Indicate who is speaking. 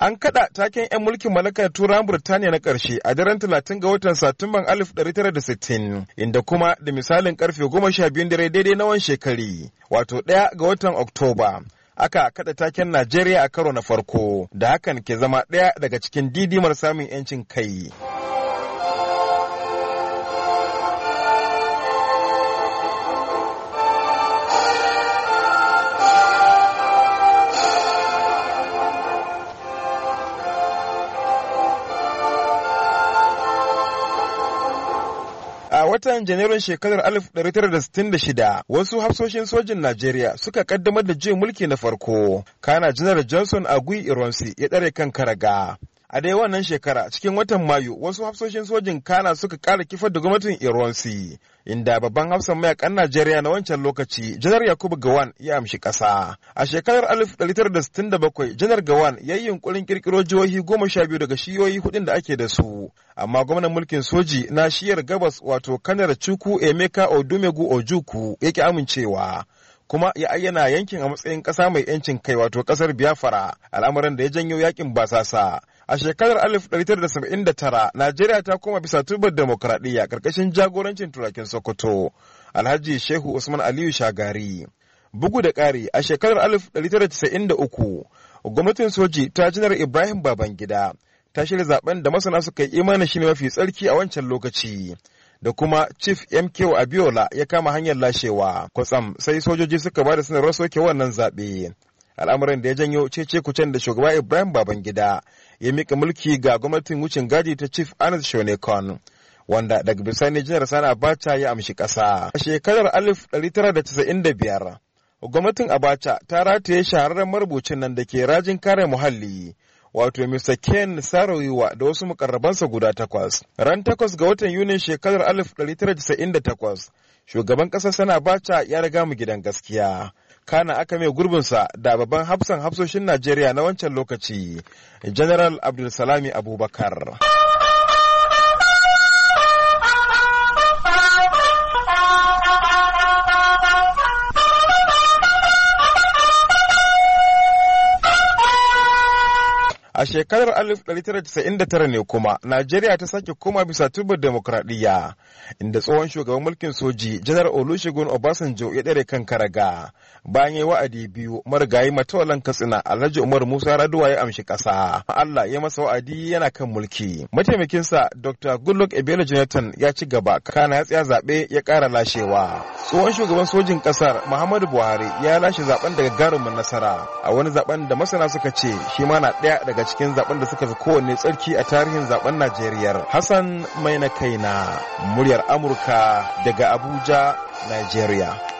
Speaker 1: An kada taken 'yan mulkin mallakar Turan Burtaniya na ƙarshe a daren 30 ga watan Satumban 1960 inda kuma da misalin karfe 12 dare daidai na wan shekari wato 1 ga watan Oktoba. Aka kada taken Najeriya a karo na farko da hakan ke zama ɗaya daga cikin didimar samun 'yancin kai. A watan Janairun shekarar 1966, wasu hafsoshin sojin Najeriya suka kaddamar da jin mulki na farko. Kana Janar Johnson Agui Ironsi ya ɗare kan karaga. a dai wannan shekara cikin watan mayu wasu hafsoshin sojin kana suka kara kifar da gwamnatin iransi inda babban hafsan mayakan najeriya na wancan lokaci janar yakubu gawan ya amshi kasa a shekarar 1967 janar gawan ya yi yunkurin kirkiro jihohi goma sha biyu daga shiyoyi hudun da ake da su amma gwamnan mulkin soji na shiyar gabas wato kanar chuku emeka odumegu ojuku yake amincewa kuma ya ayyana yankin a matsayin ƙasa mai 'yancin kai wato ƙasar biafra al'amuran da ya janyo yakin basasa A shekarar 1979, Najeriya ta koma bisa tubar demokradiyya karkashin jagorancin turakin Sokoto, Alhaji Shehu Usman Aliyu Shagari. Bugu da ƙari, a shekarar 1993, gwamnatin soji ta janar Ibrahim Babangida ta shirya zaben da masana suka yi imanin shi ne mafi tsarki a wancan lokaci. da kuma chief mk abiola ya kama hanyar lashewa kwatsam sai sojoji suka ba da sanarwar soke wannan zaɓe al'amuran da ya janyo cece kucen da shugaba ibrahim babangida ya mika mulki ga gwamnatin wucin gadi ta Chief Anas Shonekon. wanda daga bisani jihar Sani Abacha ya amshi ƙasa. A shekarar 1995, gwamnatin Abacha ta rataye shahararren marubucin nan da ke rajin kare muhalli. Wato Mr. Ken Sarawiwa da wasu mukarrabansa guda takwas. Ran takwas ga watan Yunin shekarar 1998, shugaban ƙasar sana Abacha ya riga mu gidan gaskiya. kana aka mai gurbinsa da babban hafsan hafsoshin najeriya na wancan lokaci general abdulsalami abubakar A shekarar 1999 ne kuma Najeriya ta sake koma bisa turbar demokradiyya inda tsohon shugaban mulkin soji Janar Olusegun Obasanjo ya ɗare kan karaga bayan yi wa'adi biyu marigayi matawalan Katsina Alhaji Umar Musa Raduwa ya amshi ƙasa. Allah ya masa wa'adi yana kan mulki. Mataimakinsa Dr. Goodluck Ebele Jonathan ya ci gaba kana ya tsaya zaɓe ya ƙara lashewa. Tsohon shugaban sojin ƙasar Muhammadu Buhari ya lashe zaben daga mu nasara a wani zaben da masana suka ce shi ma na ɗaya daga cikin zaben da suka fi kowanne tsarki a tarihin zaben Najeriya. Hassan Maina Kaina, muryar Amurka daga Abuja, Najeriya.